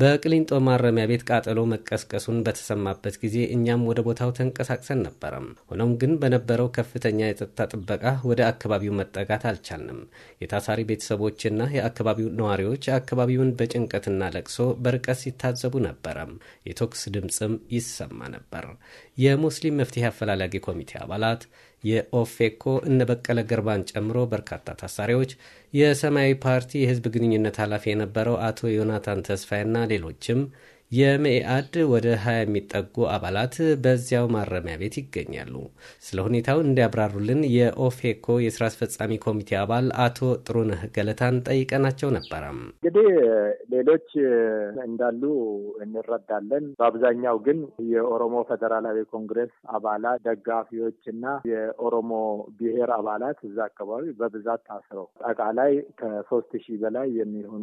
በቅሊንጦ ማረሚያ ቤት ቃጠሎ መቀስቀሱን በተሰማበት ጊዜ እኛም ወደ ቦታው ተንቀሳቅሰን ነበረም። ሆኖም ግን በነበረው ከፍተኛ የጸጥታ ጥበቃ ወደ አካባቢው መጠጋት አልቻልንም። የታሳሪ ቤተሰቦችና የአካባቢው ነዋሪዎች አካባቢውን በጭንቀትና ለቅሶ በርቀት ሲታዘቡ ነበረም። የተኩስ ድምፅም ይሰማ ነበር። የሙስሊም መፍትሄ አፈላላጊ ኮሚቴ አባላት የኦፌኮ እነበቀለ ገርባን ጨምሮ በርካታ ታሳሪዎች፣ የሰማያዊ ፓርቲ የህዝብ ግንኙነት ኃላፊ የነበረው አቶ ዮናታን ተስፋዬና ሌሎችም የመኢአድ ወደ 20 የሚጠጉ አባላት በዚያው ማረሚያ ቤት ይገኛሉ። ስለ ሁኔታው እንዲያብራሩልን የኦፌኮ የስራ አስፈጻሚ ኮሚቴ አባል አቶ ጥሩነህ ገለታን ጠይቀናቸው ነበረም። እንግዲህ ሌሎች እንዳሉ እንረዳለን። በአብዛኛው ግን የኦሮሞ ፌዴራላዊ ኮንግሬስ አባላት ደጋፊዎች እና የኦሮሞ ብሔር አባላት እዛ አካባቢ በብዛት ታስረው አጠቃላይ ከሶስት ሺህ በላይ የሚሆኑ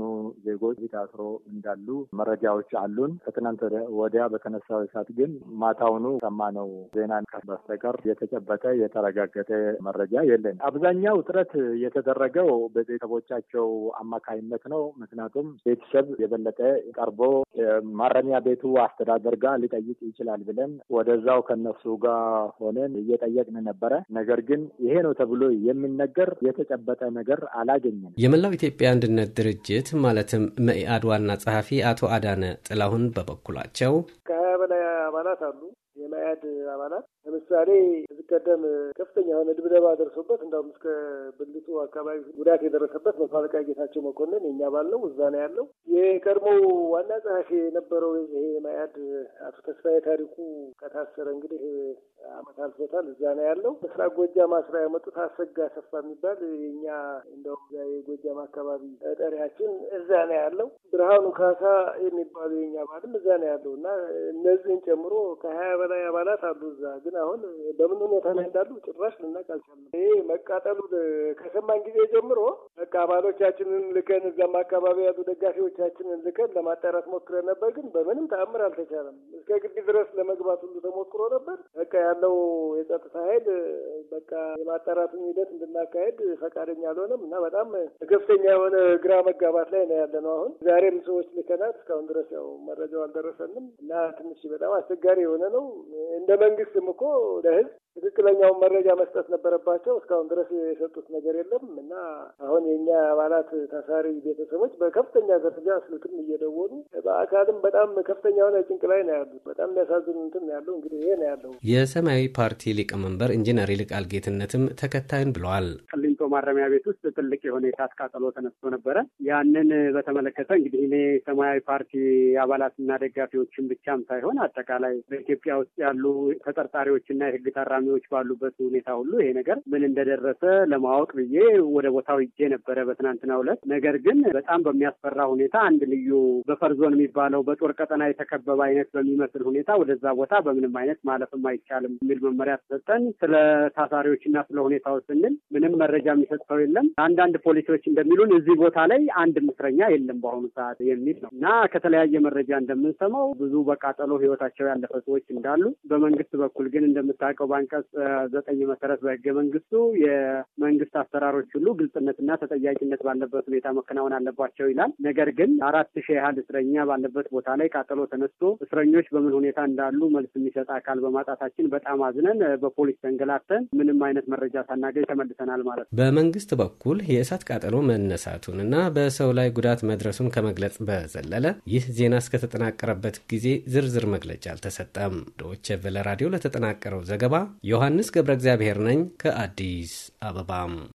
ዜጎች ታስሮ እንዳሉ መረጃዎች አሉን። አልሰማንም። ከትናንት ወዲያ በተነሳው እሳት ግን ማታውኑ ሰማነው ዜና በስተቀር የተጨበጠ የተረጋገጠ መረጃ የለን። አብዛኛው ጥረት የተደረገው በቤተሰቦቻቸው አማካይነት ነው። ምክንያቱም ቤተሰብ የበለጠ ቀርቦ ማረሚያ ቤቱ አስተዳደር ጋር ሊጠይቅ ይችላል ብለን ወደዛው ከነሱ ጋር ሆነን እየጠየቅን ነበረ። ነገር ግን ይሄ ነው ተብሎ የሚነገር የተጨበጠ ነገር አላገኘንም። የመላው ኢትዮጵያ አንድነት ድርጅት ማለትም መኢአድ ዋና ጸሐፊ አቶ አዳነ ጥላሁን በበኩላቸው ከበላይ አባላት አሉ፣ የመያድ አባላት ለምሳሌ ከዚህ ቀደም ከፍተኛ የሆነ ድብደባ ደርሶበት እንዳውም እስከ ብልቱ አካባቢ ጉዳት የደረሰበት መቶ አለቃ ጌታቸው መኮንን የኛ አባል ነው፣ እዛ ነው ያለው። የቀድሞው ዋና ጸሐፊ የነበረው ይሄ መያድ አቶ ተስፋዬ ታሪኩ ከታሰረ እንግዲህ አመት አልፎታል፣ እዛ ነው ያለው። ምስራቅ ጎጃም አስራ ያመጡት አሰጋ ሰፋ የሚባል የኛ እንደውም የጎጃም አካባቢ ጠሪያችን እዛ ነው ያለው። ብርሃኑ ካሳ የሚባሉ የኛ አባልም እዛ ነው ያለው እና እነዚህን ጨምሮ ከሀያ በላይ አባላት አሉ እዛ። ግን አሁን በምን ሁኔታ ላይ እንዳሉ ጭራሽ ልናቅ አልቻለም። ይሄ መቃጠሉ ከሰማን ጊዜ ጀምሮ በቃ አባሎቻችንን ልከን እዛም አካባቢ ያሉ ደጋፊዎቻችንን ልከን ለማጣራት ሞክረን ነበር። ግን በምንም ተአምር አልተቻለም። እስከ ግቢ ድረስ ለመግባት ሁሉ ተሞክሮ ነበር። በቃ ያለው የጸጥታ ኃይል በቃ የማጣራቱን ሂደት እንድናካሄድ ፈቃደኛ አልሆነም እና በጣም ከፍተኛ የሆነ ግራ መጋባት ላይ ነው ያለ ነው። አሁን ዛሬም ሰዎች ልከናት እስካሁን ድረስ ያው መረጃው አልደረሰንም እና ትንሽ በጣም አስቸጋሪ የሆነ ነው። እንደ መንግስትም እኮ ለህዝብ ትክክለኛውን መረጃ መስጠት ነበረባቸው። እስካሁን ድረስ የሰጡት ነገር የለም እና አሁን የእኛ አባላት ታሳሪ ቤተሰቦች በከፍተኛ ደረጃ ስልክም እየደወሉ በአካልም በጣም ከፍተኛ የሆነ ጭንቅ ላይ ነው ያሉት። በጣም የሚያሳዝን እንትን ነው ያለው። እንግዲህ ይሄ ነው ያለው። የሰማያዊ ፓርቲ ሊቀመንበር ኢንጂነር ይልቃል ጌትነትም ተከታይን ብለዋል። ማረሚያ ቤት ውስጥ ትልቅ የሆነ የእሳት ቃጠሎ ተነስቶ ነበረ። ያንን በተመለከተ እንግዲህ እኔ ሰማያዊ ፓርቲ አባላትና ደጋፊዎችን ብቻም ሳይሆን አጠቃላይ በኢትዮጵያ ውስጥ ያሉ ተጠርጣሪዎችና የህግ ታራሚዎች ባሉበት ሁኔታ ሁሉ ይሄ ነገር ምን እንደደረሰ ለማወቅ ብዬ ወደ ቦታው ይጄ ነበረ በትናንትናው ዕለት። ነገር ግን በጣም በሚያስፈራ ሁኔታ አንድ ልዩ በፈርዞን የሚባለው በጦር ቀጠና የተከበበ አይነት በሚመስል ሁኔታ ወደዛ ቦታ በምንም አይነት ማለፍም አይቻልም የሚል መመሪያ ተሰጠን። ስለ ታሳሪዎችና ስለ ሁኔታው ስንል ምንም መረጃም የሚሰጥ ሰው የለም። አንዳንድ ፖሊሶች እንደሚሉን እዚህ ቦታ ላይ አንድም እስረኛ የለም በአሁኑ ሰዓት የሚል ነው እና ከተለያየ መረጃ እንደምንሰማው ብዙ በቃጠሎ ህይወታቸው ያለፈ ሰዎች እንዳሉ፣ በመንግስት በኩል ግን እንደምታውቀው በአንቀጽ ዘጠኝ መሰረት በህገ መንግስቱ የመንግስት አሰራሮች ሁሉ ግልጽነትና ተጠያቂነት ባለበት ሁኔታ መከናወን አለባቸው ይላል። ነገር ግን አራት ሺህ ያህል እስረኛ ባለበት ቦታ ላይ ቃጠሎ ተነስቶ እስረኞች በምን ሁኔታ እንዳሉ መልስ የሚሰጥ አካል በማጣታችን በጣም አዝነን በፖሊስ ተንገላተን ምንም አይነት መረጃ ሳናገኝ ተመልሰናል ማለት ነው። በመንግስት በኩል የእሳት ቃጠሎ መነሳቱንና በሰው ላይ ጉዳት መድረሱን ከመግለጽ በዘለለ ይህ ዜና እስከተጠናቀረበት ጊዜ ዝርዝር መግለጫ አልተሰጠም። ዶቼ ቬለ ራዲዮ ለተጠናቀረው ዘገባ ዮሐንስ ገብረ እግዚአብሔር ነኝ ከአዲስ አበባም